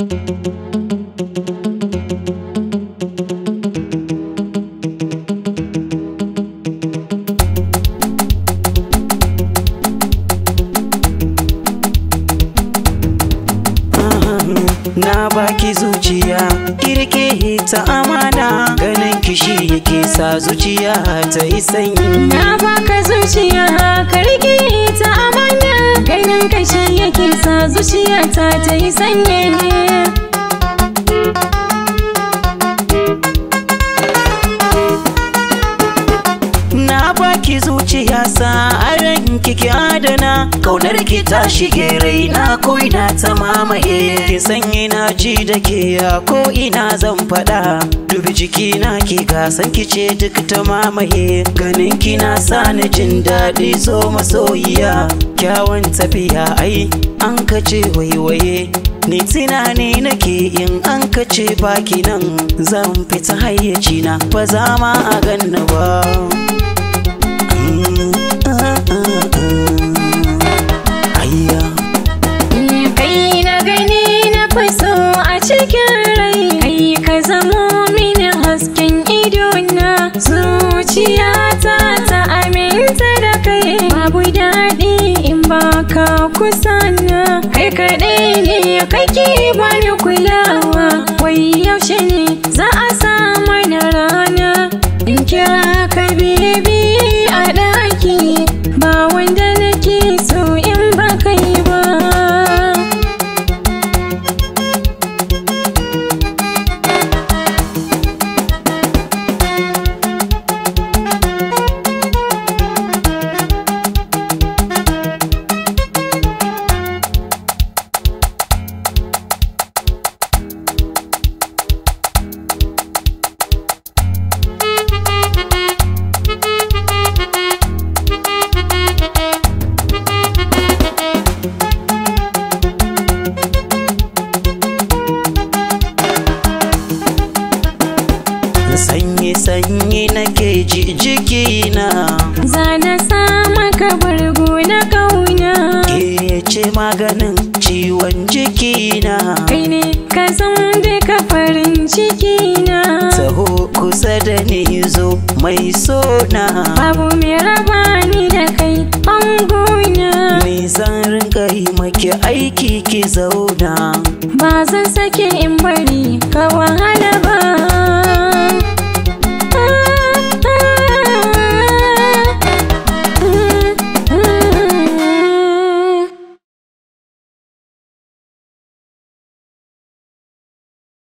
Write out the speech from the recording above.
na baki zuciya kirke ta amana ganin kishi yake sa zuciya ta yi sanyi na baka zuciya karki farin kai yake sa zuciya ta yi sanye kaunar ki ta shige raina ko ina ta mamaye ki sanye na ji da ke ya ko ina zan faɗa dubi jiki na ki san ki ce duk ta mamaye ganin ki na sa ni jin daɗi so masoyiya kyawun tafiya ai an kace waiwaye ni tunani nake in an kace baki nan zan fita hayyacina ba za ma a ganna ba suna zuciyata ta aminta da kai babu daɗi in baka kusa na kai kaɗai ne kake bani kulawa sanyi sanyi nake ji jikina zana sama kabargo na kauna ke ce maganin ciwon jikina kai ne ka zan ka farin cikina taho kusa da ni zo mai sona babu mai raba ni da kai bangona mai zan rinka yi maki aiki ki zauna ba zan sake in bari ka wahala ba